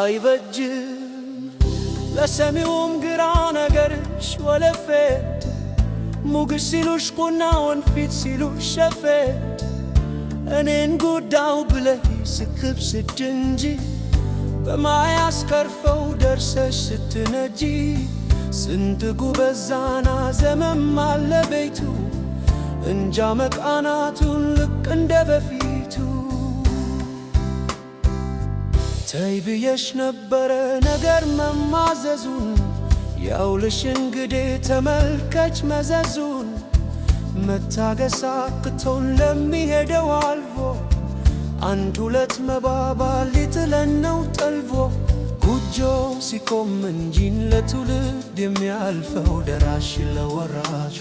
አይበጅም ለሰሚውም ግራ ነገርሽ ወለፌት ሙግስ ሲሉሽ ቁና ወንፊት ሲሉሽ ሸፌት እኔን ጉዳው ብለህ ስክብ ስድንጂ በማያስከርፈው ደርሰሽ ስትነጂ ስንትጉ ጉበዛና ዘመም አለ ቤቱ እንጃ መቃናቱን ልክ እንደ በፊት ተይ ብየሽ ነበረ ነገር መማዘዙን ያውልሽ እንግዲህ ተመልከች መዘዙን መታገስ አቅቶን ለሚሄደው አልፎ አንድ ሁለት መባባል ሊጥለን ነው ጠልፎ ጎጆ ሲቆም እንጂን ለትውልድ የሚያልፈው ደራሽ ለወራሹ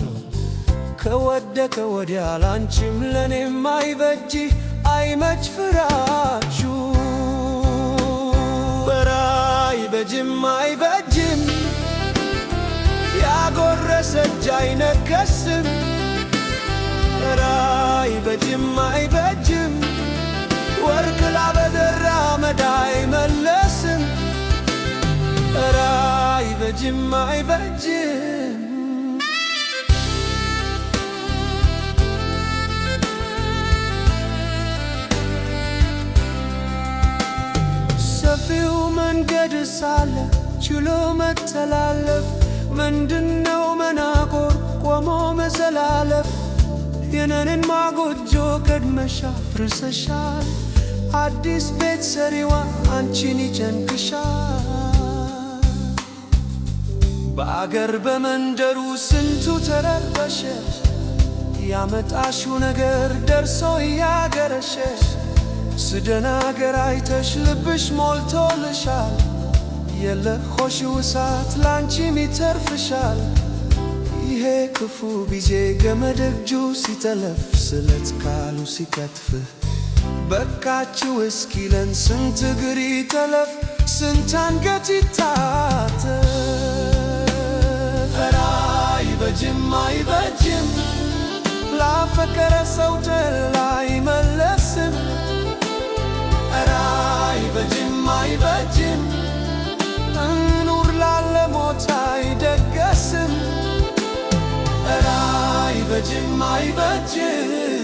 ከወደከ ወዲያ ላንቺም ለእኔም አይበጅ አይመች ፍራ አይደርስም። ራይ በጅም አይበጅም። ወርቅ ላበደራ መዳ አይመለስም። ራይ በጅም አይበጅም። ሰፊው መንገድ ሳለ ችሎ መተላለፍ ምንድነው መናቆ ቆሞ መሰላለፍ የነንን ማጎጆ ቀድመሻ ፍርሰሻል። አዲስ ቤት ሰሪዋ አንቺን ይጨንቅሻል። በአገር በመንደሩ ስንቱ ተረበሸ። ያመጣሹ ነገር ደርሶ እያገረሸ ስደናገር አይተሽ ልብሽ ሞልቶልሻል። የለኮሽው እሳት ላንቺም ይተርፍሻል። ይሄ ክፉ ጊዜ ገመድ እጁ ሲተለፍ ስለት ካሉ ሲከትፍ በቃችው እስኪለን ስንት እግር ይተለፍ ስንት አንገት ይታተፍ። ኧረ አይበጅም አይበጅም ላፈቀረ ሰው ደላ ለጅማ አይበጅም